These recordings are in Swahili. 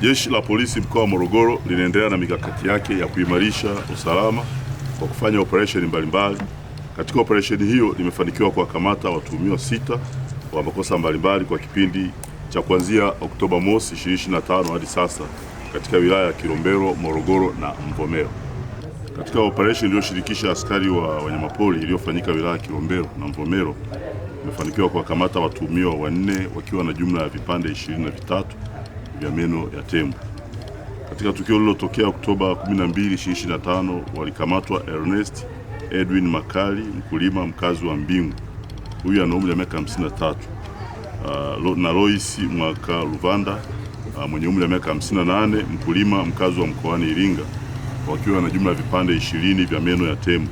Jeshi la Polisi mkoa wa Morogoro linaendelea na mikakati yake ya kuimarisha usalama kwa kufanya operesheni mbalimbali. Katika operesheni hiyo limefanikiwa kuwakamata watuhumiwa sita wa makosa mbalimbali kwa kipindi cha kuanzia Oktoba mosi 2025 hadi sasa katika wilaya ya Kilombero, Morogoro na Mvomero. Katika operesheni iliyoshirikisha askari wa wanyamapori iliyofanyika wilaya ya Kilombero na Mvomero imefanikiwa kuwakamata watuhumiwa wanne wakiwa na jumla ya vipande ishirini na vitatu vya meno ya tembo. Katika tukio lililotokea Oktoba 12, 2025 walikamatwa Ernest Edwin Makali, mkulima mkazi wa Mbingu, huyu ana umri wa miaka 53, uh, na Lois Mwaka Luvanda uh, mwenye umri wa miaka 58, mkulima mkazi wa mkoani Iringa, wakiwa na jumla ya vipande ishirini vya meno ya tembo.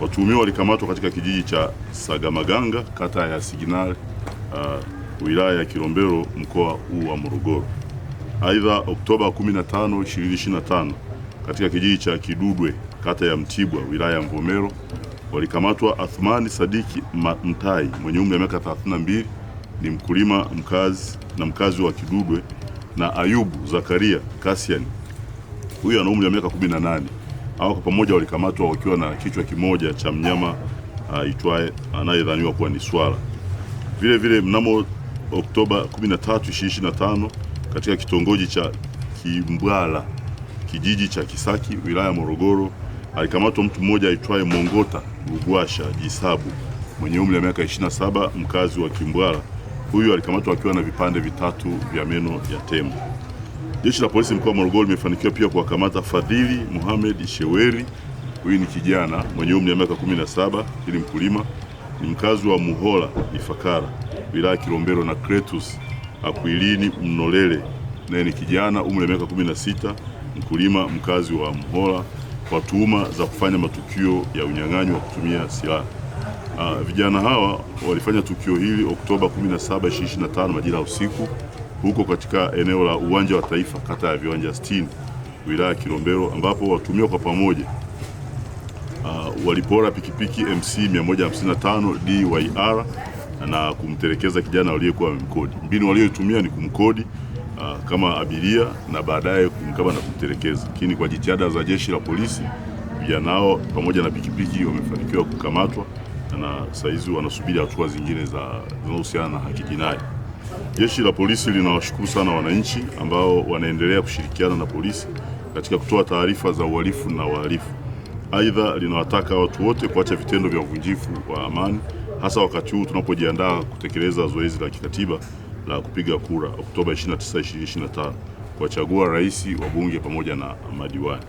Watuhumiwa walikamatwa katika kijiji cha Sagamaganga, kata ya signal uh, wilaya ya Kilombero mkoa huu wa Morogoro. Aidha, Oktoba 15, 2025 katika kijiji cha Kidudwe kata ya Mtibwa wilaya ya Mvomero walikamatwa Athmani Sadiki Mtai mwenye umri wa miaka 32 ni mkulima mkazi na mkazi wa Kidudwe na Ayubu Zakaria Kasian huyu ana umri wa miaka 18. Hao kwa pamoja walikamatwa wakiwa na kichwa kimoja cha mnyama aitwaye anayedhaniwa kuwa ni swala. Vile vile mnamo Oktoba 13, 2025 katika kitongoji cha Kimbwala kijiji cha Kisaki wilaya Morogoro alikamatwa mtu mmoja aitwaye Mongota rugwasha Jisabu mwenye umri wa miaka 27 mkazi wa Kimbwala. Huyu alikamatwa akiwa na vipande vitatu vya meno ya tembo. Jeshi la polisi mkoa wa Morogoro limefanikiwa pia kuwakamata Fadhili Muhammad Sheweri. Huyu ni kijana mwenye umri wa miaka 17, ili mkulima, ni mkazi wa Muhola Ifakara wilaya Kilombero na Kretus Akwilini Mnolele, naye ni kijana umri wa miaka 16, mkulima mkazi wa Mhola kwa tuhuma za kufanya matukio ya unyang'anyi wa kutumia silaha. Ah, vijana hawa walifanya tukio hili Oktoba 17, 2025 majira ya usiku huko katika eneo la uwanja wa Taifa kata ya Viwanja 60 wilaya ya Kilombero ambapo watumiwa kwa pamoja uh, walipora pikipiki MC 155 DYR na kumtelekeza kijana aliyekuwa amemkodi. Mbinu waliyotumia ni kumkodi uh, kama abiria na baadaye kumkaba na kumtelekeza, lakini kwa jitihada za jeshi la polisi vijana hao pamoja na pikipiki wamefanikiwa kukamatwa na saizi wanasubiri hatua zingine zinazohusiana na haki jinai. Jeshi la polisi linawashukuru sana wananchi ambao wanaendelea kushirikiana na polisi katika kutoa taarifa za uhalifu na wahalifu. Aidha, linawataka watu wote kuacha vitendo vya uvunjifu wa amani hasa wakati huu tunapojiandaa kutekeleza zoezi la kikatiba la kupiga kura Oktoba 29, 2025 kuwachagua rais, wabunge pamoja na madiwani.